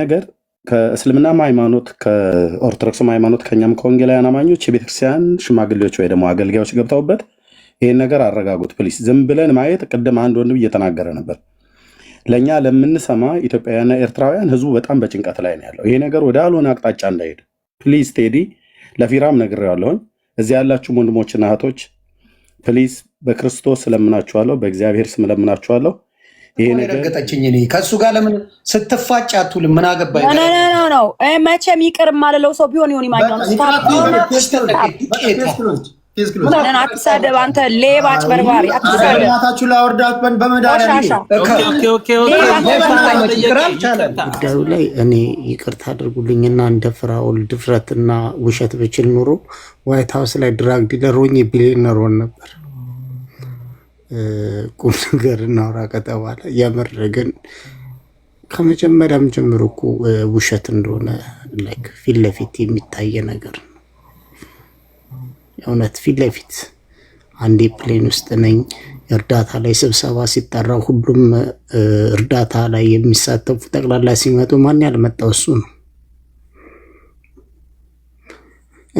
ነገር ከእስልምናም ሃይማኖት ከኦርቶዶክስም ሃይማኖት ከኛም ከወንጌላውያን አማኞች የቤተክርስቲያን ሽማግሌዎች ወይ ደግሞ አገልጋዮች ገብተውበት ይህን ነገር አረጋጉት ፕሊስ። ዝም ብለን ማየት ቅድም አንድ ወንድም እየተናገረ ነበር። ለእኛ ለምንሰማ ኢትዮጵያውያንና ኤርትራውያን ህዝቡ በጣም በጭንቀት ላይ ነው ያለው። ይሄ ነገር ወደ አልሆነ አቅጣጫ እንዳይሄድ ፕሊዝ። ቴዲ ለፊራም ነግሬዋለሁኝ። እዚህ ያላችሁም ወንድሞችና እህቶች ፕሊዝ በክርስቶስ ስለምናችኋለሁ፣ በእግዚአብሔር ስም የረገጠችኝ እኔ ከእሱ ጋር ለምን ስትፋጭ አትውልም? ምን መቼም ይቅር የማልለው ሰው ቢሆን ይሆን ይማኛው አንተ ሌባ አጭበርባሪ አትሳደብናታችሁ ላይ እኔ ይቅርታ አድርጉልኝና እንደ ፍራኦል ድፍረትና ውሸት ብችል ኑሮ ዋይት ሀውስ ላይ ድራግ ዲለር ሆኜ ሆን ነበር። ቁም ነገር እናውራ ከተባለ የምር ግን ከመጀመሪያም ጀምሮ እኮ ውሸት እንደሆነ ላይክ ፊት ለፊት የሚታየ ነገር ነው። እውነት ፊት ለፊት አንዴ ፕሌን ውስጥ ነኝ እርዳታ ላይ ስብሰባ ሲጠራ ሁሉም እርዳታ ላይ የሚሳተፉ ጠቅላላ ሲመጡ ማን ያልመጣው እሱ ነው።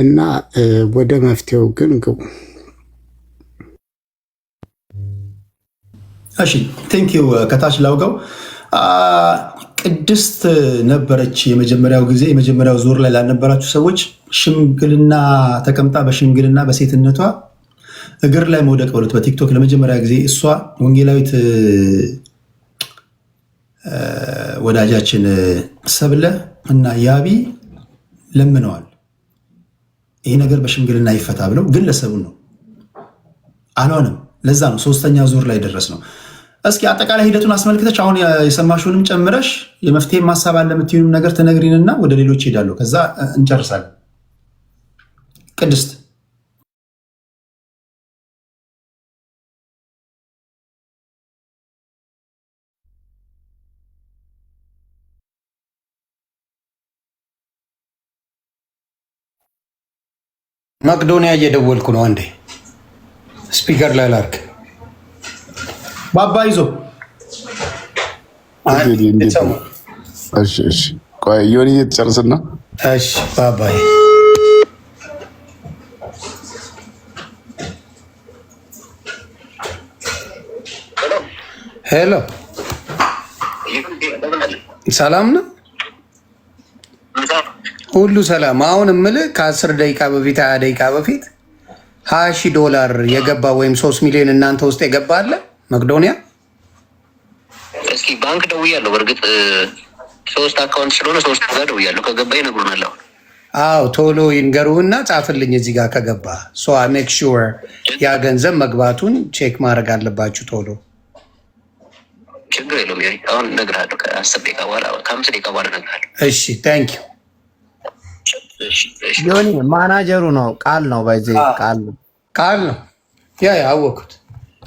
እና ወደ መፍትሄው ግን ግቡ። እሺ ቴንክ ዩ ከታች ላውቀው ቅድስት ነበረች። የመጀመሪያው ጊዜ የመጀመሪያው ዙር ላይ ላልነበራችሁ ሰዎች ሽምግልና ተቀምጣ በሽምግልና በሴትነቷ እግር ላይ መውደቅ በሉት በቲክቶክ ለመጀመሪያ ጊዜ እሷ ወንጌላዊት ወዳጃችን ሰብለ እና ያቢ ለምነዋል። ይህ ነገር በሽምግልና ይፈታ ብለው ግለሰቡን ነው አልሆነም ለዛ ነው ሶስተኛ ዙር ላይ ደረስ ነው። እስኪ አጠቃላይ ሂደቱን አስመልክተች አሁን የሰማሽውንም ጨምረሽ የመፍትሄ ማሳብ አለ የምትሆንም ነገር ትነግሪንና ወደ ሌሎች ሄዳለሁ። ከዛ እንጨርሳለን። ቅድስት መቅዶኒያ እየደወልኩ ነው አንዴ ስፒከር ላይ ላርክ ባባ ይዞ ዮኒ ትጨርስና ባባይ ሄሎ ሰላም ነው ሁሉ ሰላም። አሁን እምልህ ከአስር ደቂቃ በፊት ሀያ ደቂቃ በፊት ሀያ ሺህ ዶላር የገባ ወይም ሶስት ሚሊዮን እናንተ ውስጥ የገባ አለ መቅዶኒያ? እስኪ ባንክ ደውያለሁ። በእርግጥ ሶስት አካውንት ስለሆነ ሶስት ጋር ደውያለሁ። ከገባ ይነግሩናል። አሁን አዎ፣ ቶሎ ይንገሩህና ጻፍልኝ እዚህ ጋር ከገባ ሰዋ ሜክ ሹር ያ ገንዘብ መግባቱን ቼክ ማድረግ አለባችሁ ቶሎ። ችግር የለውም። አሁን እነግርሃለሁ ከአስር ደቂቃ በኋላ ከአምስት ደቂቃ በኋላ እነግርሃለሁ። እሺ ታንኪዩ ዮኒ ማናጀሩ ነው። ቃል ነው ባይዜ ቃል ነው ቃል ነው። ያ ያወኩት።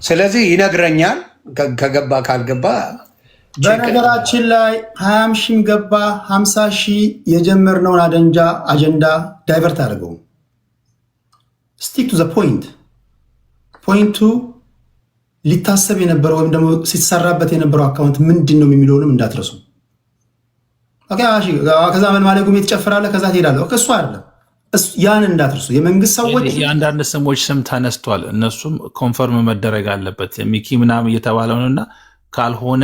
ስለዚህ ይነግረኛል ከገባ ካልገባ። በነገራችን ላይ ሀያም ሺም ገባ ሀምሳ ሺህ የጀመርነውን አደንጃ አጀንዳ ዳይቨርት አድርገው ስቲክ ቱ ዘ ፖይንት። ፖይንቱ ሊታሰብ የነበረው ወይም ደግሞ ሲሰራበት የነበረው አካውንት ምንድን ነው የሚለውንም እንዳትረሱ። ከዛ መልማለ ጉሜ ትጨፍራለህ፣ ከዛ ትሄዳለህ። እሱ አለ ያን እንዳትርሱ። የመንግስት ሰዎች የአንዳንድ ስሞች ስም ተነስቷል። እነሱም ኮንፈርም መደረግ አለበት ሚኪ ምናምን እየተባለውንና ካልሆነ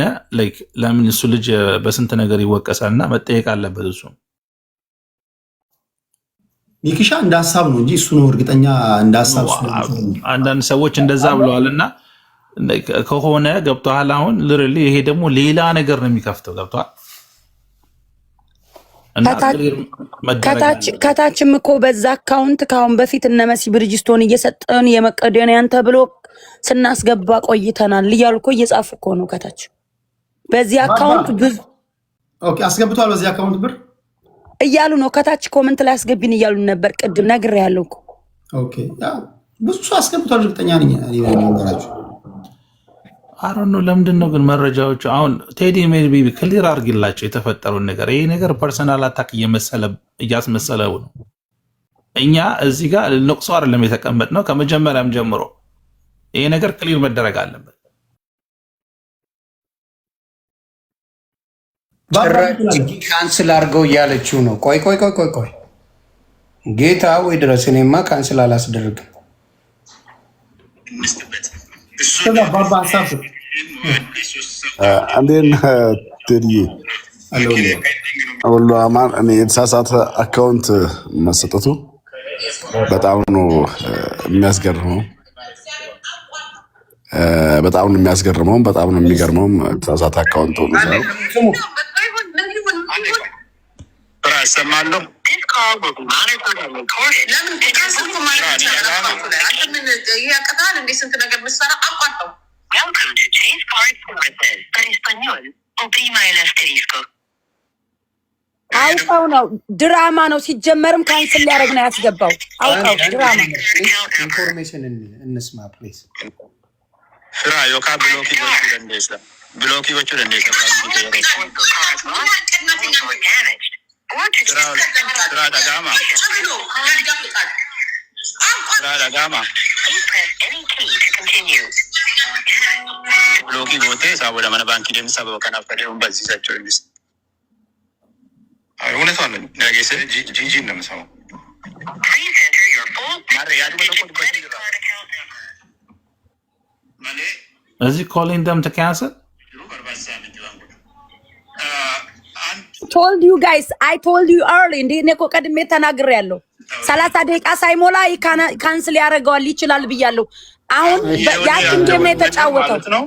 ለምን እሱ ልጅ በስንት ነገር ይወቀሳልና መጠየቅ አለበት። እሱ ሚኪሻ እንደ ሀሳብ ነው እንጂ እሱ ነው እርግጠኛ እንደ ሀሳብ። አንዳንድ ሰዎች እንደዛ እና ከሆነ ገብተሃል። አሁን ልርል ይሄ ደግሞ ሌላ ነገር ነው የሚከፍተው። ገብተዋል ከታችም እኮ በዛ አካውንት ከአሁን በፊት እነ መሲ ብርጅስቶን እየሰጠን የመቄዶንያን ተብሎ ስናስገባ ቆይተናል እያሉ እኮ እየጻፉ እኮ ነው። ከታች በዚህ አካውንት ብዙ አስገብቷል። በዚህ አካውንት ብር እያሉ ነው። ከታች ኮመንት ላይ አስገቢን እያሉ ነበር። ቅድም ነግሬያለሁ እኮ ብዙ ሰው አስገብቷል፣ እርግጠኛ ነኝ። አሮን ነው። ለምንድን ነው ግን መረጃዎቹ አሁን ቴዲ ሜቢ ክሊር አድርግላቸው የተፈጠረውን ነገር። ይሄ ነገር ፐርሰናል አታክ እያስመሰለው ነው። እኛ እዚህ ጋር ልንቅሶ አይደለም የተቀመጥ ነው። ከመጀመሪያም ጀምሮ ይሄ ነገር ክሊር መደረግ አለበት። ካንስል አድርገው እያለችው ነው። ቆይ ቆይ ቆይ ቆይ ቆይ ጌታ ወይ ድረስ እኔማ ካንስል አላስደርግም እንዴት ሁሉ አማን። እኔ የተሳሳተ አካውንት መሰጠቱ በጣም ነው የሚያስገርመው። በጣም ነው የሚያስገርመውም በጣም ነው የሚገርመውም የተሳሳተ አካውንት call was monitored and recorded. ለምን ቢካስ እኮ ማለት ይቻላል አቋርጡ ላይ አንተ ምን ያቅታል እንዴ? ስንት ነገር ምሰራ አቋርጠው። Welcome to Chase Card Services. Para español, oprima el asterisco. አውቀው ነው ድራማ ነው። ሲጀመርም ካንስል ሊያደርግ ነው ያስገባው። አውቀው ድራማ ነው። ኢንፎርሜሽን እንስማ ፕሊዝ። ስራ ዮካ ብሎኪዎቹ ደንዴሳ ብሎኪዎቹ ደንዴሳ ካንስል ያደረገ Your card lost or damaged. Strada Gama. Strada Gama. Blookii gootee saawwada mana baankii deemsa sababa kanaaf qajeelun barsiisaa jechuunis. እውነቷን ነው ነገሰ ጂጂ ነው የምሰማው። Is he calling them to cancel? ቶልድ ዩ ጋይስ አይ ቶልድ ዩ አርሊ እንደ እኔ እኮ ቀድሜ ያለው ሰላሳ ደቂቃ ሳይሞላ ካንስል ያደርገዋል ይችላል ብያለሁ። አሁን ያችን ጌም ነው የተጫወተው።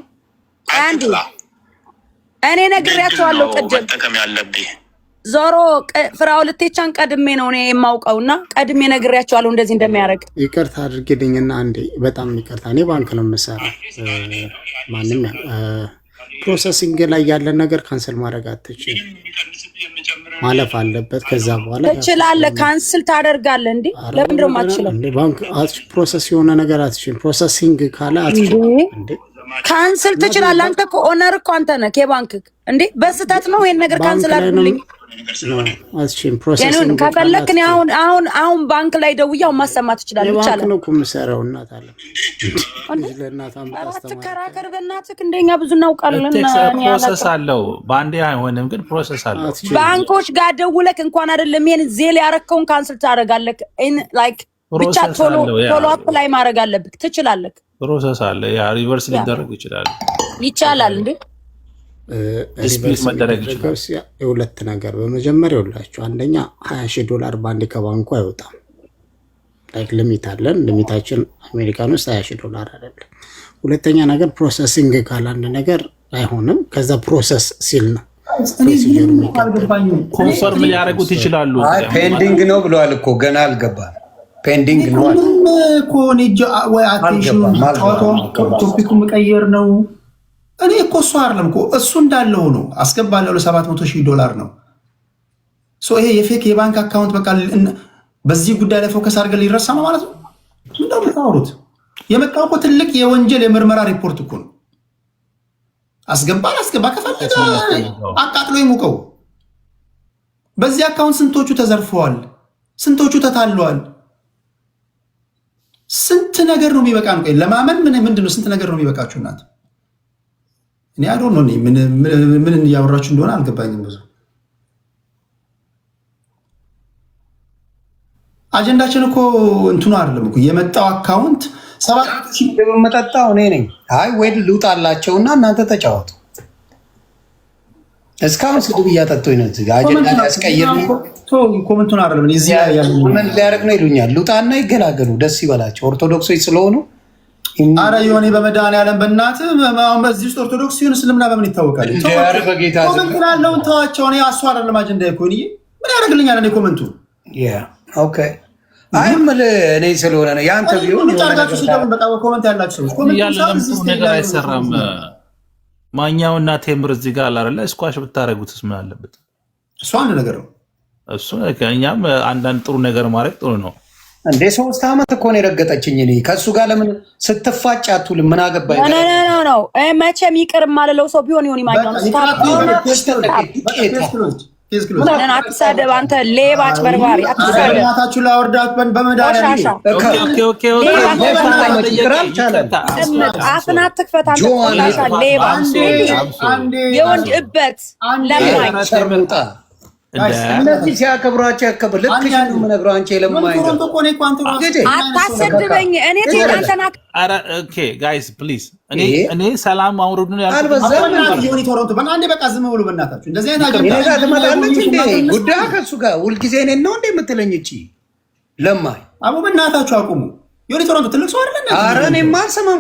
አንድ እኔ ነግሬያቸዋለሁ ቅድም ዞሮ ፍራው ልቴቻን ቀድሜ ነው እኔ የማውቀው እና ቀድሜ ነግሬያቸዋለሁ እንደዚህ እንደሚያደርግ። ይቅርታ አድርጌልኝና አንዴ በጣም ይቅርታ። እኔ ባንክ ነው የምሰራ ማንም ፕሮሰሲንግ ላይ ያለን ነገር ካንስል ማድረግ አትችል ማለፍ አለበት። ከዛ በኋላ ትችላለ፣ ካንስል ታደርጋለ። እንዲ ለምንድን ነው ባንክ ፕሮሰስ የሆነ ነገር አትችል ፕሮሰሲንግ ካለ አትችል ካንስል ትችላለህ። አንተ እኮ ኦነር እኮ አንተ ነህ። የባንክ እንዴ በስህተት ነው ይሄን ነገር ካንስል አድርጉልኝ። ከፈለክ አሁን አሁን አሁን ባንክ ላይ ደውያው ማሰማት ይችላል። ይቻላል ነው እኮ የምሰራው። እናት አለ አትከራከር በእናትህ። እንደኛ ብዙ እናውቃለን። ፕሮሰስ አለው። በአንዴ አይሆንም፣ ግን ፕሮሰስ አለው። ባንኮች ጋር ደውለክ እንኳን አይደለም ይሄን ዜል ያረከውን ካንስል ታደርጋለህ። ላይክ ብቻ ቶሎ ቶሎ አፕ ላይ ማድረግ አለብህ። ትችላለህ ፕሮሰስ አለ። ያ ሪቨርስ ሊደረግ ይችላል ይቻላል እንዴ ዲስፒት መደረግ ይችላል። የሁለት ነገር በመጀመሪያ ይውላችሁ፣ አንደኛ ሀያ ሺህ ዶላር በአንዴ ከባንኩ አይወጣም። ላይክ ሊሚት አለን። ሊሚታችን አሜሪካን ውስጥ ሀያ ሺህ ዶላር አይደለም። ሁለተኛ ነገር ፕሮሰሲንግ ካለ አንድ ነገር አይሆንም። ከዛ ፕሮሰስ ሲል ነው ኮንፈርም ሊያደርጉት ይችላሉ። ፔንዲንግ ነው ብለዋል እኮ ገና አልገባም ፔንዲንግ ቶፒኩ መቀየር ነው። እኔ እኮ እሱ አይደለም እኮ እሱ እንዳለው ነው አስገባለሁ ለሰባት መቶ ሺህ ዶላር ነው። ይሄ የፌክ የባንክ አካውንት በቃ በዚህ ጉዳይ ላይ ፎከስ አድርገን ሊረሳ ነው ማለት ነው። ምንደ የምታወሩት? የመጣ እኮ ትልቅ የወንጀል የምርመራ ሪፖርት እኮ ነው። አስገባ አስገባ ከፈለገ አቃጥሎ ይሙቀው። በዚህ አካውንት ስንቶቹ ተዘርፈዋል፣ ስንቶቹ ተታለዋል። ስንት ነገር ነው የሚበቃ? ነው ለማመን ምን ምንድን ነው? ስንት ነገር ነው የሚበቃችሁ? እናት እኔ አዶ ነው ምን እያወራችሁ እንደሆነ አልገባኝም። ብዙ አጀንዳችን እኮ እንትኑ አይደለም እኮ የመጣው አካውንት ሰባት የምመጠጣው እኔ ነኝ። አይ ወይ ልውጣላቸውና እናንተ ተጫወቱ እስካሁን ስድብ እያጠጡኝ ነው። እዚህ አጀንዳ ያስቀይር ኮመንቱን አይደለም እዚህ ኮመንት ሊያደርግ ነው ይሉኛል። ሉጣና ይገላገሉ፣ ደስ ይበላቸው። ኦርቶዶክሶች ስለሆኑ አረ የሆኔ በመድኃኒዓለም በእናትህ በዚህ ውስጥ ኦርቶዶክስ ሲሆን እስልምና በምን ይታወቃል? ኮመንት ላለውን ተዋቸው። እኔ አሱ አይደለም አጀንዳ ይኮን ምን ያደርግልኛል? እኔ ኮመንቱ አይም እኔ ስለሆነ ነው ያንተ ቢሆን ጫርጋችሁ ስደቡ በጣም ኮመንት ያላችሁ ሰዎች ኮመንት ያለ ነገር አይሰራም ማኛው እና ቴምር እዚህ ጋር አላለ። ስኳሽ ብታደረጉትስ ምን አለበት? እሱ አንድ ነገር ነው። እሱ እኛም አንዳንድ ጥሩ ነገር ማድረግ ጥሩ ነው። እንዴ ሶስት ዓመት እኮ ነው የረገጠችኝ። እኔ ከእሱ ጋር ለምን ስትፋጭ አትውልም? ምን አገባኝ ነው መቼም ይቅር የማልለው ሰው ቢሆን ይሆን ማኛው ምን አትሳደብ አንተ ሌባ አጭበርባሪ አትሳደብ እናታችሁ ላወርዳት አፍን አትክፈት አንተ ሌባ የወንድ እበት ለማኝ እነዚህ ሲያከብሯቸው ያከብር። ልክ አንቺ እኔ ጋይስ ፕሊዝ፣ እኔ ሰላም ማውረዱን ጉዳይ ከሱ ጋር ሁልጊዜ ነው እንደ የምትለኝ እቺ አቡ፣ በእናታችሁ አቁሙ። ቶሮንቶ ትልቅ ሰው አይደለ?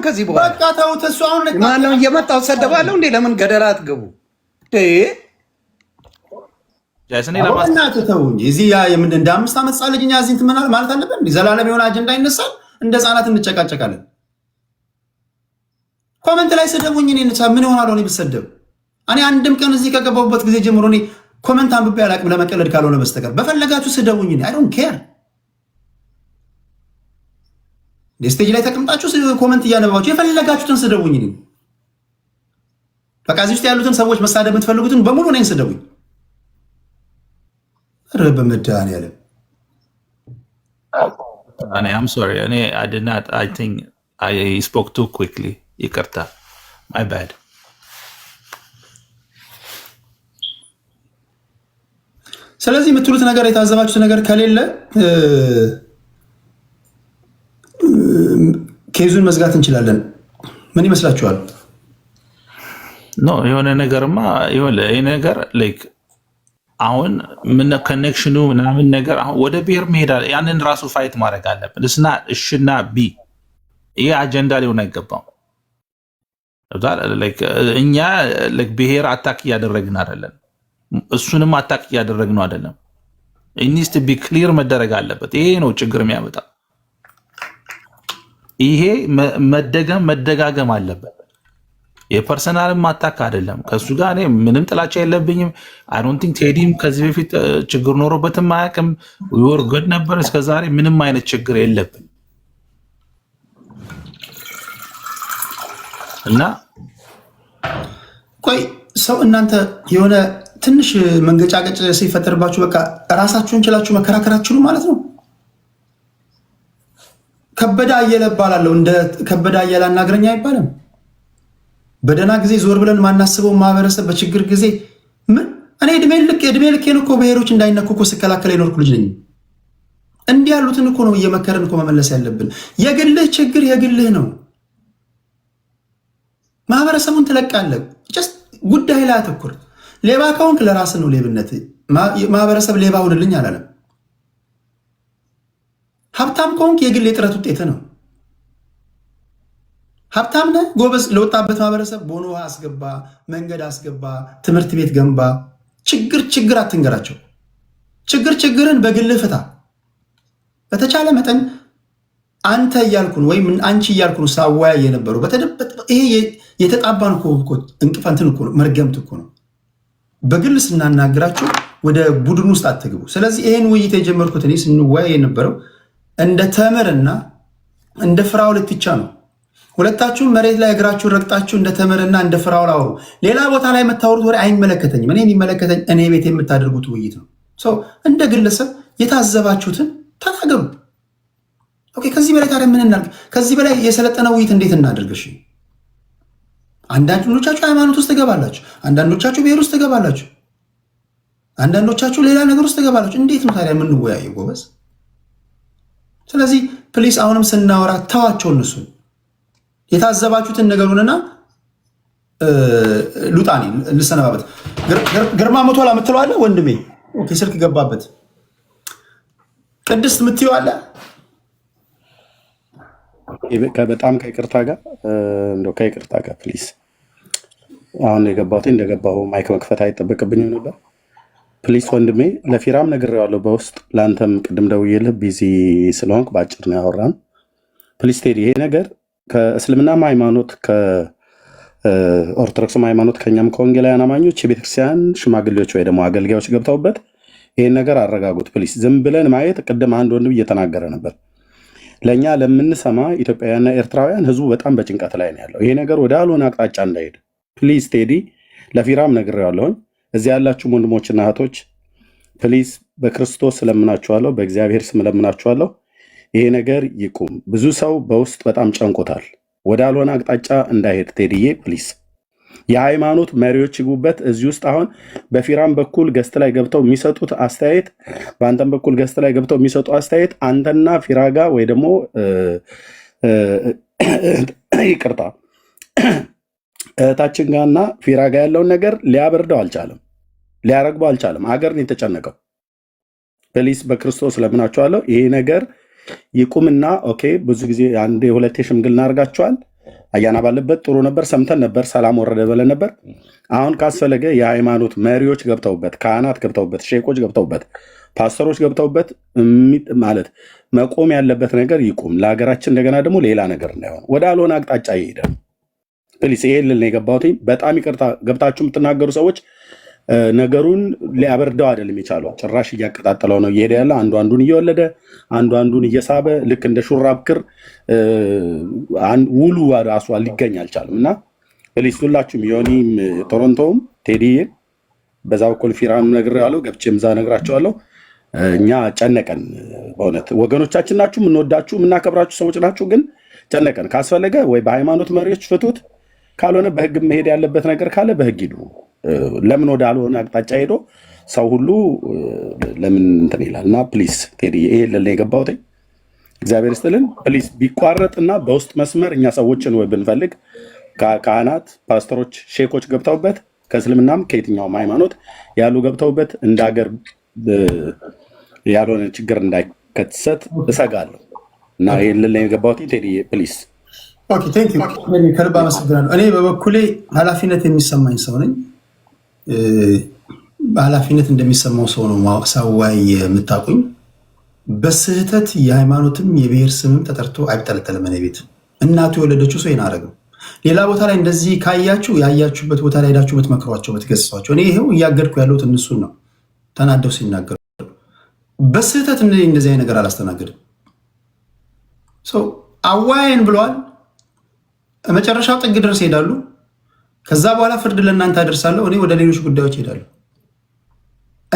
ከዚህ በኋላ በቃ ተውት። እሱ አሁን ማነው እየመጣው ሰደባለሁ እንዴ? ለምን ገደላ አትገቡ? እናተተውኝ እዚህ እንደ አምስት ዓመት ህፃን ልጅ እኛ እዚህ እንትን ማለት አለብን። ዘላለም የሆነ አጀንዳ ይነሳል። እንደ ህፃናት እንጨቃጨቃለን። ኮመንት ላይ ስደቡኝ። እኔ ምን ይሆናል ሆነ ብሰደብ? እኔ አንድም ቀን እዚህ ከገባሁበት ጊዜ ጀምሮ እኔ ኮመንት አንብቤ አላቅም፣ ለመቀለድ ካልሆነ በስተቀር በፈለጋችሁ ስደቡኝ። እኔ አይ ኬር። ስቴጅ ላይ ተቀምጣችሁ ኮመንት እያነባችሁ የፈለጋችሁትን ስደቡኝ። በቃ እዚህ ውስጥ ያሉትን ሰዎች መሳደብ የምትፈልጉትን በሙሉ እኔን ስደቡኝ። ኧረ በመድኃኒዓለም እኔ አድናት ስፖክ ቱ ኩክሊ ይቅርታ፣ ማይ ባድ። ስለዚህ የምትሉት ነገር የታዘባችሁት ነገር ከሌለ ኬዙን መዝጋት እንችላለን። ምን ይመስላችኋል? ኖ የሆነ ነገርማ የሆነ ነገር ላይክ አሁን ኮኔክሽኑ ምናምን ነገር አሁን ወደ ብሔር መሄዳ ያንን ራሱ ፋይት ማድረግ አለብን። እስና እሽና ቢ ይህ አጀንዳ ሊሆን አይገባም። እኛ ብሔር አታክ እያደረግን አይደለም፣ እሱንም አታክ እያደረግነው አይደለም። ኢኒስት ቢ ክሊር መደረግ አለበት። ይሄ ነው ችግር የሚያመጣ። ይሄ መደገም መደጋገም አለበት። የፐርሰናልም ማታክ አይደለም። ከሱ ጋር እኔ ምንም ጥላቻ የለብኝም። አይ ቲንክ ቴዲም ከዚህ በፊት ችግር ኖሮበትም አያውቅም። ወር ገድ ነበር እስከዛሬ ምንም አይነት ችግር የለብን እና ቆይ ሰው እናንተ የሆነ ትንሽ መንገጫገጭ ሲፈጠርባችሁ በቃ ራሳችሁን ችላችሁ መከራከራችሉ ማለት ነው። ከበደ አየለ እባላለሁ። እንደ ከበደ አየለ አናግረኝ አይባልም። በደህና ጊዜ ዞር ብለን ማናስበው ማህበረሰብ በችግር ጊዜ ምን እኔ እድሜ ልክ እድሜ ልኬን እኮ ብሔሮች እንዳይነኩ እኮ ስከላከል የኖርኩ ልጅ ነኝ። እንዲህ ያሉትን እኮ ነው እየመከረን እኮ መመለስ ያለብን። የግልህ ችግር የግልህ ነው። ማህበረሰቡን ትለቃለህ። ጀስት ጉዳይ ላይ አተኩር። ሌባ ከሆንክ ለራስ ነው ሌብነት። ማህበረሰብ ሌባ ሁንልኝ አላለም። ሀብታም ከሆንክ የግል የጥረት ውጤት ነው። ሀብታም ነህ ጎበዝ፣ ለወጣበት ማህበረሰብ ቦኖ ውሃ አስገባ፣ መንገድ አስገባ፣ ትምህርት ቤት ገንባ። ችግር ችግር አትንገራቸው። ችግር ችግርን በግል ፍታ። በተቻለ መጠን አንተ እያልኩን ወይም አንቺ እያልኩን ሳወያይ የነበሩ ይሄ የተጣባን እንቅፈንትን እኮ ነው፣ መርገምት እኮ ነው። በግል ስናናግራቸው ወደ ቡድን ውስጥ አትግቡ። ስለዚህ ይህን ውይይት የጀመርኩት እኔ ስንወያይ የነበረው እንደ ተምርና እንደ ፍራኦል ብቻ ነው ሁለታችሁም መሬት ላይ እግራችሁን ረግጣችሁ እንደ ተመርና እንደ ፍራውል አውሩ። ሌላ ቦታ ላይ የምታወሩት ወሬ አይመለከተኝም። እኔ የሚመለከተኝ እኔ ቤት የምታደርጉት ውይይት ነው። ሰው እንደ ግለሰብ የታዘባችሁትን ተናገሩ። ከዚህ በላይ ታዲያ ምን እናድርግ? ከዚህ በላይ የሰለጠነ ውይይት እንዴት እናደርግሽ? አንዳንዶቻችሁ ሃይማኖት ውስጥ ትገባላችሁ፣ አንዳንዶቻችሁ ብሔር ውስጥ ትገባላችሁ፣ አንዳንዶቻችሁ ሌላ ነገር ውስጥ ትገባላችሁ። እንዴት ነው ታዲያ የምንወያየው ጎበዝ? ስለዚህ ፕሊስ አሁንም ስናወራ ተዋቸው እነሱን የታዘባችሁትን ነገሩንና ሉጣኔ ልሰነባበት። ግርማ መቶ ላ ምትለዋለ ወንድሜ ስልክ ገባበት። ቅድስት ምትዋለ በጣም ከይቅርታ ጋር እንደው ከይቅርታ ጋር ፕሊስ። አሁን የገባሁት እንደገባሁ ማይክ መክፈት አይጠበቅብኝም ነበር። ፕሊስ ወንድሜ ለፊራም ነግሬዋለሁ በውስጥ ለአንተም ቅድም ደውዬልህ ቢዚ ስለሆንክ በአጭር ነው ያወራን። ፕሊስ ቴዲ ይሄ ነገር ከእስልምናም ሃይማኖት ከኦርቶዶክስም ሃይማኖት ከኛም ከወንጌላውያን አማኞች የቤተክርስቲያን ሽማግሌዎች ወይ ደግሞ አገልጋዮች ገብተውበት ይህን ነገር አረጋጉት ፕሊስ። ዝም ብለን ማየት ቅድም አንድ ወንድም እየተናገረ ነበር። ለእኛ ለምንሰማ ኢትዮጵያውያንና ኤርትራውያን ህዝቡ በጣም በጭንቀት ላይ ነው ያለው። ይሄ ነገር ወደ አልሆነ አቅጣጫ እንዳይሄድ ፕሊዝ። ቴዲ ለፊራም ነግሬዋለሁኝ። እዚህ ያላችሁም ወንድሞችና እህቶች ፕሊዝ በክርስቶስ ስለምናችኋለሁ፣ በእግዚአብሔር ስም ለምናችኋለሁ። ይሄ ነገር ይቁም። ብዙ ሰው በውስጥ በጣም ጨንቆታል። ወደ አልሆነ አቅጣጫ እንዳይሄድ ቴድዬ ፕሊስ። የሃይማኖት መሪዎች ይግቡበት እዚህ ውስጥ። አሁን በፊራም በኩል ገስት ላይ ገብተው የሚሰጡት አስተያየት፣ በአንተም በኩል ገስት ላይ ገብተው የሚሰጡ አስተያየት አንተና ፊራጋ ወይ ደግሞ ይቅርታ እህታችን ጋርና ፊራጋ ያለውን ነገር ሊያበርደው አልቻለም፣ ሊያረግበው አልቻለም። አገር ነው የተጨነቀው። ፕሊስ በክርስቶስ ለምናችኋለሁ ይሄ ነገር ይቁምና ኦኬ። ብዙ ጊዜ አንድ የሁለት ሽምግልና አድርጋችኋል። አያና ባለበት ጥሩ ነበር፣ ሰምተን ነበር፣ ሰላም ወረደ ብለን ነበር። አሁን ካስፈለገ የሃይማኖት መሪዎች ገብተውበት፣ ካህናት ገብተውበት፣ ሼቆች ገብተውበት፣ ፓስተሮች ገብተውበት ማለት መቆም ያለበት ነገር ይቁም። ለሀገራችን እንደገና ደግሞ ሌላ ነገር እንዳይሆን ወደ አልሆነ አቅጣጫ ይሄዳል። ፕሊስ ይሄ ልል ነው የገባሁት። በጣም ይቅርታ ገብታችሁ የምትናገሩ ሰዎች ነገሩን ሊያበርደው አይደለም የቻለው፣ ጭራሽ እያቀጣጠለው ነው እየሄደ ያለ። አንዱ አንዱን እየወለደ አንዱ አንዱን እየሳበ ልክ እንደ ሹራብ ክር ውሉ ራሷ ሊገኝ አልቻለም። እና ፕሊስ ሁላችሁም ዮኒም፣ ቶሮንቶውም፣ ቴዲዬ በዛ በኩል ፊራም ያለው ገብቼ ምዛ ነግራቸዋለሁ። እኛ ጨነቀን፣ በእውነት ወገኖቻችን ናችሁ፣ የምንወዳችሁ የምናከብራችሁ ሰዎች ናችሁ። ግን ጨነቀን። ካስፈለገ ወይ በሃይማኖት መሪዎች ፍቱት፣ ካልሆነ በህግ መሄድ ያለበት ነገር ካለ በህግ ሂዱ። ለምን ወደ አልሆነ አቅጣጫ ሄዶ ሰው ሁሉ ለምን እንትን ይላል እና ፕሊስ ቴዲ ይሄ ለለ የገባሁት እግዚአብሔር ስትልን ፕሊስ ቢቋረጥና በውስጥ መስመር እኛ ሰዎችን ወይ ብንፈልግ ካህናት፣ ፓስተሮች፣ ሼኮች ገብተውበት ከእስልምናም ከየትኛውም ሃይማኖት ያሉ ገብተውበት እንደ ሀገር ያልሆነ ችግር እንዳይከሰት እሰጋለሁ እና ይህ ልለ የገባሁት ቴዲ ፕሊስ ከልብ አመሰግናለሁ። እኔ በበኩሌ ኃላፊነት የሚሰማኝ ሰው ነኝ። ኃላፊነት እንደሚሰማው ሰው ነው ሳዋይ የምታቆኝ በስህተት የሃይማኖትም የብሔር ስምም ተጠርቶ አይጠለጠልም። እኔ ቤት እናቱ የወለደችው ሰው ይናረግም። ሌላ ቦታ ላይ እንደዚህ ካያችሁ ያያችሁበት ቦታ ላይ ሄዳችሁ ብትመክሯቸው፣ ብትገስጿቸው። እኔ ይኸው እያገድኩ ያለሁት እነሱን ነው። ተናደው ሲናገሩ በስህተት እንደዚህ አይነት ነገር አላስተናገድም ሰው ብለዋል። መጨረሻው ጥግ ድረስ ይሄዳሉ። ከዛ በኋላ ፍርድ ለእናንተ አደርሳለሁ። እኔ ወደ ሌሎች ጉዳዮች ሄዳለሁ።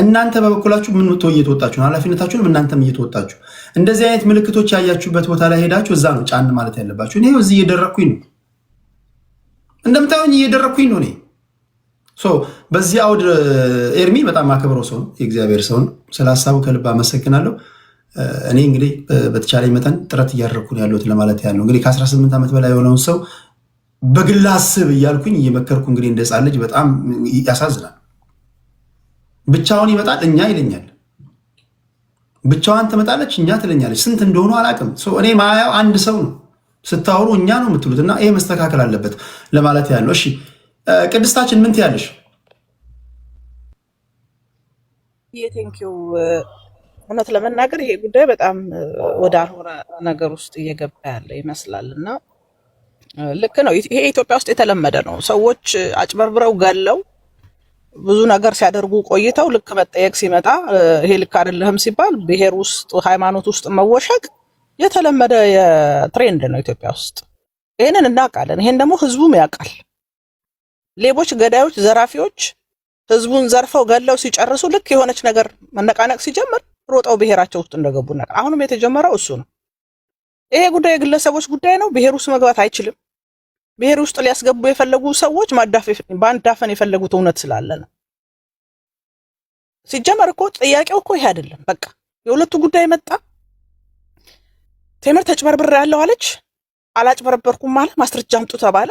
እናንተ በበኩላችሁ ምን እየተወጣችሁ ነው? ኃላፊነታችሁንም እናንተም እየተወጣችሁ እንደዚህ አይነት ምልክቶች ያያችሁበት ቦታ ላይ ሄዳችሁ እዛ ነው ጫን ማለት ያለባችሁ። እኔ እዚህ እየደረግኩኝ ነው፣ እንደምታዩኝ እየደረግኩኝ ነው። እኔ በዚህ አውድ ኤርሚ በጣም አከብረው ሰው ነው፣ የእግዚአብሔር ሰው ነው። ስለ ሀሳቡ ከልብ አመሰግናለሁ። እኔ እንግዲህ በተቻለኝ መጠን ጥረት እያደረግኩ ነው ያለሁት ለማለት ያለው እንግዲህ ከ18 ዓመት በላይ የሆነውን ሰው በግላ አስብ እያልኩኝ እየመከርኩ እንግዲህ እንደ ሕፃን ልጅ በጣም ያሳዝናል። ብቻውን ይመጣል እኛ ይለኛል። ብቻዋን ትመጣለች እኛ ትለኛለች። ስንት እንደሆኑ አላውቅም። እኔ ማያው አንድ ሰው ነው ስታወሩ እኛ ነው የምትሉት፣ እና ይሄ መስተካከል አለበት ለማለት ያለው። እሺ ቅድስታችን ምን ትያለሽ? እውነት ለመናገር ይሄ ጉዳይ በጣም ወዳልሆነ ነገር ውስጥ እየገባ ያለ ይመስላል እና ልክ ነው። ይሄ ኢትዮጵያ ውስጥ የተለመደ ነው። ሰዎች አጭበርብረው ገለው ብዙ ነገር ሲያደርጉ ቆይተው ልክ መጠየቅ ሲመጣ ይሄ ልክ አይደለህም ሲባል ብሔር ውስጥ ሃይማኖት ውስጥ መወሸቅ የተለመደ የትሬንድ ነው ኢትዮጵያ ውስጥ። ይህንን እናውቃለን። ይሄን ደግሞ ህዝቡም ያውቃል። ሌቦች፣ ገዳዮች፣ ዘራፊዎች ህዝቡን ዘርፈው ገለው ሲጨርሱ ልክ የሆነች ነገር መነቃነቅ ሲጀምር ሮጠው ብሔራቸው ውስጥ እንደገቡ ነገር አሁንም የተጀመረው እሱ ነው። ይሄ ጉዳይ የግለሰቦች ጉዳይ ነው። ብሔር ውስጥ መግባት አይችልም። ብሔር ውስጥ ሊያስገቡ የፈለጉ ሰዎች ማዳፈን የፈለጉት እውነት ስላለ ነው። ሲጀመር እኮ ጥያቄው እኮ ይሄ አይደለም። በቃ የሁለቱ ጉዳይ መጣ። ቴምር ተጭበርብር ያለው አለች፣ አላጭበረበርኩም አለ፣ ማስረጃ አምጡ ተባለ።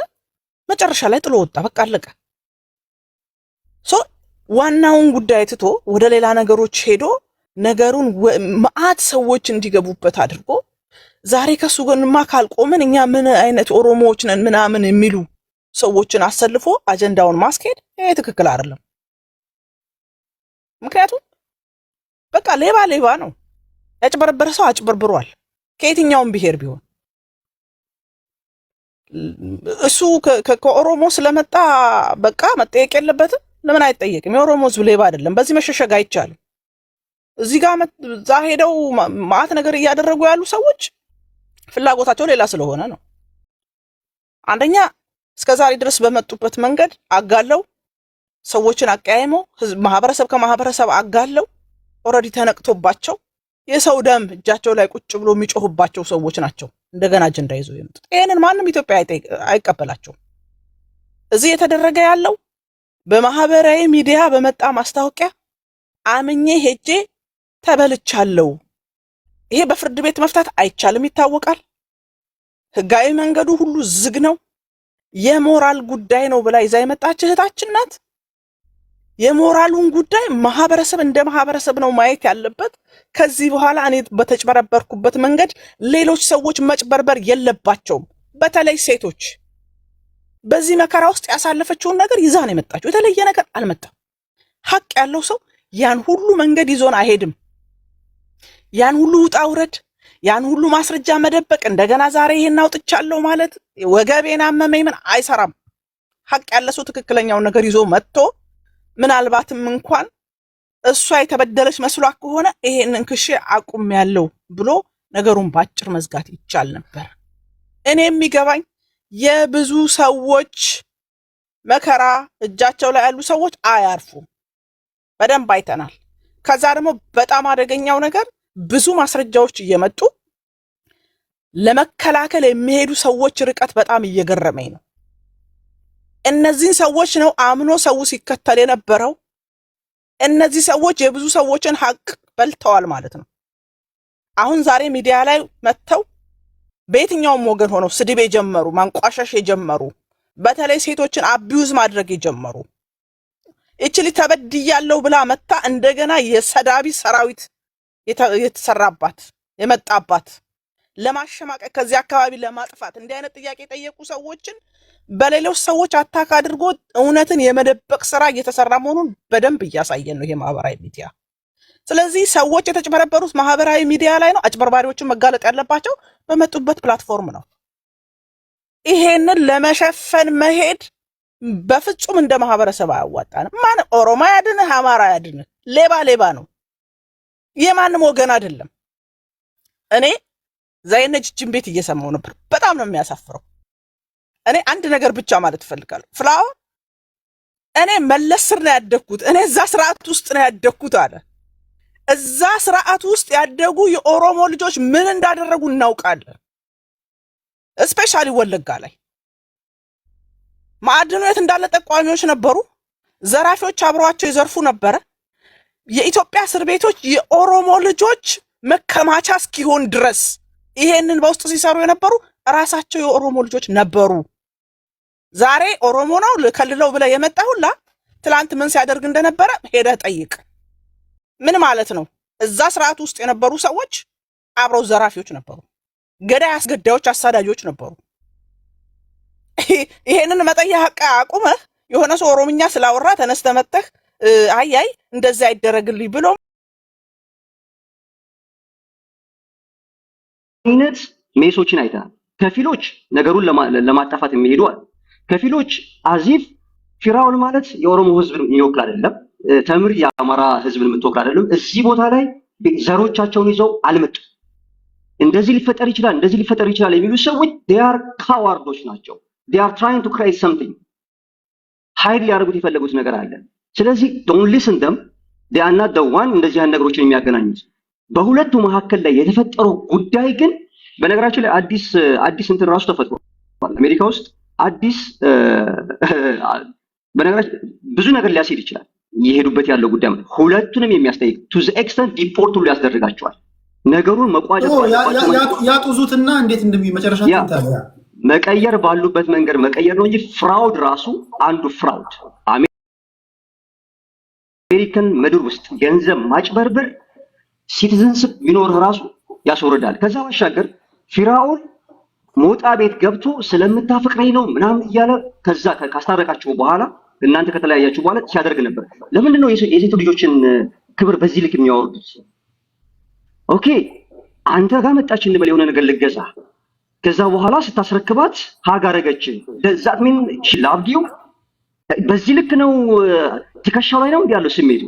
መጨረሻ ላይ ጥሎ ወጣ። በቃ አለቀ። ሶ ዋናውን ጉዳይ ትቶ ወደ ሌላ ነገሮች ሄዶ ነገሩን መዓት ሰዎች እንዲገቡበት አድርጎ ዛሬ ከሱ ጎንማ ካልቆምን እኛ ምን አይነት ኦሮሞዎች ነን ምናምን የሚሉ ሰዎችን አሰልፎ አጀንዳውን ማስኬድ ይሄ ትክክል አይደለም። ምክንያቱም በቃ ሌባ ሌባ ነው። ያጭበረበረ ሰው አጭበርብሯል፣ ከየትኛውም ብሔር ቢሆን እሱ ከኦሮሞ ስለመጣ በቃ መጠየቅ የለበትም። ለምን አይጠየቅም? የኦሮሞ ህዝብ ሌባ አይደለም። በዚህ መሸሸግ አይቻልም። እዚህ ጋር ሄደው ማአት ነገር እያደረጉ ያሉ ሰዎች ፍላጎታቸው ሌላ ስለሆነ ነው። አንደኛ እስከ ዛሬ ድረስ በመጡበት መንገድ አጋለው ሰዎችን አቀያይመው ማህበረሰብ ከማህበረሰብ አጋለው ኦልሬዲ ተነቅቶባቸው የሰው ደም እጃቸው ላይ ቁጭ ብሎ የሚጮሁባቸው ሰዎች ናቸው እንደገና አጀንዳ ይዘው የመጡት። ይህንን ማንም ኢትዮጵያ አይቀበላቸውም። እዚህ የተደረገ ያለው በማህበራዊ ሚዲያ በመጣ ማስታወቂያ አምኜ ሄጄ ተበልቻለሁ ይሄ በፍርድ ቤት መፍታት አይቻልም፣ ይታወቃል። ህጋዊ መንገዱ ሁሉ ዝግ ነው። የሞራል ጉዳይ ነው ብላ ይዛ የመጣች እህታችን ናት። የሞራሉን ጉዳይ ማህበረሰብ እንደ ማህበረሰብ ነው ማየት ያለበት። ከዚህ በኋላ እኔ በተጭበረበርኩበት መንገድ ሌሎች ሰዎች መጭበርበር የለባቸውም። በተለይ ሴቶች በዚህ መከራ ውስጥ ያሳለፈችውን ነገር ይዛ ነው የመጣችው። የተለየ ነገር አልመጣም። ሀቅ ያለው ሰው ያን ሁሉ መንገድ ይዞን አይሄድም። ያን ሁሉ ውጣ ውረድ፣ ያን ሁሉ ማስረጃ መደበቅ፣ እንደገና ዛሬ ይሄን አውጥቻለሁ ማለት ወገቤን አመመኝ ምን አይሰራም። ሀቅ ያለ ሰው ትክክለኛውን ነገር ይዞ መጥቶ ምናልባትም እንኳን እሷ የተበደለች መስሏት ከሆነ ይሄንን ክሽ አቁም ያለው ብሎ ነገሩን በአጭር መዝጋት ይቻል ነበር። እኔ የሚገባኝ የብዙ ሰዎች መከራ እጃቸው ላይ ያሉ ሰዎች አያርፉም። በደንብ አይተናል። ከዛ ደግሞ በጣም አደገኛው ነገር ብዙ ማስረጃዎች እየመጡ ለመከላከል የሚሄዱ ሰዎች ርቀት በጣም እየገረመኝ ነው። እነዚህን ሰዎች ነው አምኖ ሰው ሲከተል የነበረው። እነዚህ ሰዎች የብዙ ሰዎችን ሀቅ በልተዋል ማለት ነው። አሁን ዛሬ ሚዲያ ላይ መጥተው በየትኛውም ወገን ሆነው ስድብ የጀመሩ ማንቋሻሽ የጀመሩ በተለይ ሴቶችን አቢዩዝ ማድረግ የጀመሩ እችል ተበድያለሁ ብላ መታ እንደገና የሰዳቢ ሰራዊት የተሰራባት የመጣባት ለማሸማቀቅ ከዚህ አካባቢ ለማጥፋት እንዲህ አይነት ጥያቄ የጠየቁ ሰዎችን በሌሎች ሰዎች አታክ አድርጎ እውነትን የመደበቅ ስራ እየተሰራ መሆኑን በደንብ እያሳየን ነው ይሄ ማህበራዊ ሚዲያ። ስለዚህ ሰዎች የተጭበረበሩት ማህበራዊ ሚዲያ ላይ ነው። አጭበርባሪዎችን መጋለጥ ያለባቸው በመጡበት ፕላትፎርም ነው። ይሄንን ለመሸፈን መሄድ በፍጹም እንደ ማህበረሰብ አያዋጣንም። ማን ኦሮሞ ያድንህ፣ አማራ ያድንህ፣ ሌባ ሌባ ነው። የማንም ወገን አይደለም። እኔ ዛይነች ጅም ቤት እየሰማው ነበር። በጣም ነው የሚያሳፍረው። እኔ አንድ ነገር ብቻ ማለት እፈልጋለሁ። ፍላወር እኔ መለስ ስር ነው ያደግኩት። እኔ እዛ ስርዓት ውስጥ ነው ያደግኩት አለ። እዛ ስርዓት ውስጥ ያደጉ የኦሮሞ ልጆች ምን እንዳደረጉ እናውቃለን። እስፔሻሊ ወለጋ ላይ ማዕድኑ የት እንዳለ ጠቋሚዎች ነበሩ። ዘራፊዎች አብረዋቸው ይዘርፉ ነበረ። የኢትዮጵያ እስር ቤቶች የኦሮሞ ልጆች መከማቻ እስኪሆን ድረስ ይሄንን በውስጡ ሲሰሩ የነበሩ ራሳቸው የኦሮሞ ልጆች ነበሩ። ዛሬ ኦሮሞ ነው ልከልለው ብለህ የመጣ ሁላ ትላንት ምን ሲያደርግ እንደነበረ ሄደህ ጠይቅ። ምን ማለት ነው? እዛ ስርዓት ውስጥ የነበሩ ሰዎች አብረው ዘራፊዎች ነበሩ፣ ገዳይ አስገዳዮች፣ አሳዳጆች ነበሩ። ይሄንን መጠየቅ አቁመህ የሆነ ሰው ኦሮምኛ ስላወራ ተነስተ? መጥተህ አይ አይ እንደዚህ አይደረግልኝ ብሎ ነት ሜሶችን አይተናል። ከፊሎች ነገሩን ለማጣፋት የሚሄዱ አሉ። ከፊሎች አዚፍ ፊራውን ማለት የኦሮሞ ህዝብን የሚወክል አይደለም። ተምር የአማራ ህዝብን የምትወክል አይደለም። እዚህ ቦታ ላይ ዘሮቻቸውን ይዘው አልመጡ። እንደዚህ ሊፈጠር ይችላል፣ እንደዚህ ሊፈጠር ይችላል የሚሉ ሰዎች ዴያር ካዋርዶች ናቸው። ዴያር ትራይንግ ቱ ክራይ ሰምቲንግ ሀይል ሊያደርጉት የፈለጉት ነገር አለ። ስለዚህ ዶንት ሊስን ደም ዲያና ደዋን እንደዚህ አይነት ነገሮችን የሚያገናኙት በሁለቱ መካከል ላይ የተፈጠረው ጉዳይ ግን በነገራችን ላይ አዲስ አዲስ እንትን ራሱ ተፈጥሯል አሜሪካ ውስጥ አዲስ በነገራችን ብዙ ነገር ሊያስሄድ ይችላል። እየሄዱበት ያለው ጉዳይ ሁለቱንም የሚያስጠይቅ ቱ ዘ ኤክስተንት ዲፖርት ሁሉ ያስደርጋቸዋል። ነገሩን መቋጨት ያጡዙትና እንዴት እንደሚ እንደሚመጨረሻ መቀየር ባሉበት መንገድ መቀየር ነው እንጂ ፍራውድ ራሱ አንዱ ፍራውድ አሜሪካን ምድር ውስጥ ገንዘብ ማጭበርበር ሲቲዝንስፕ ቢኖር ራሱ ያስወርዳል። ከዛ ባሻገር ፊራኦን ሞጣ ቤት ገብቶ ስለምታፈቅረኝ ነው ምናምን እያለ ከዛ ካስታረቃችሁ በኋላ እናንተ ከተለያያችሁ በኋላ ሲያደርግ ነበር። ለምንድን ነው የሴቱ ልጆችን ክብር በዚህ ልክ የሚያወርዱት? ኦኬ አንተ ጋር መጣች እንበል የሆነ ነገር ልገዛ፣ ከዛ በኋላ ስታስረክባት ሀግ አደረገች። ዛትሚን ላብዲው በዚህ ልክ ነው ትከሻው ላይ ነው እንዲህ ያለው ስሜቱ